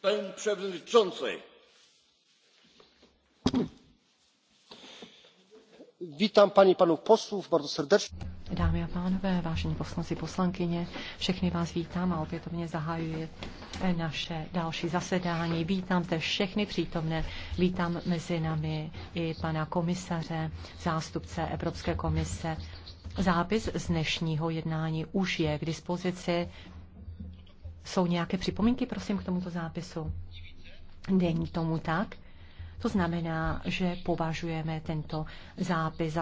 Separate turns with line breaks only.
paní předsedající
vítám paní a pány poslanců bardzo serdecznie. dámy a pánové vážení poslanci poslankyně všechny vás vítám a opětovně zahajuji naše další zasedání. Vítám zde všechny přítomné, vítám mezi námi i pana komisaře, zástupce Evropské komise. Zápis z dnešního jednání už je k dispozici. Jsou nějaké připomínky, prosím, k tomuto zápisu? Není tomu tak. To znamená, že považujeme tento zápis za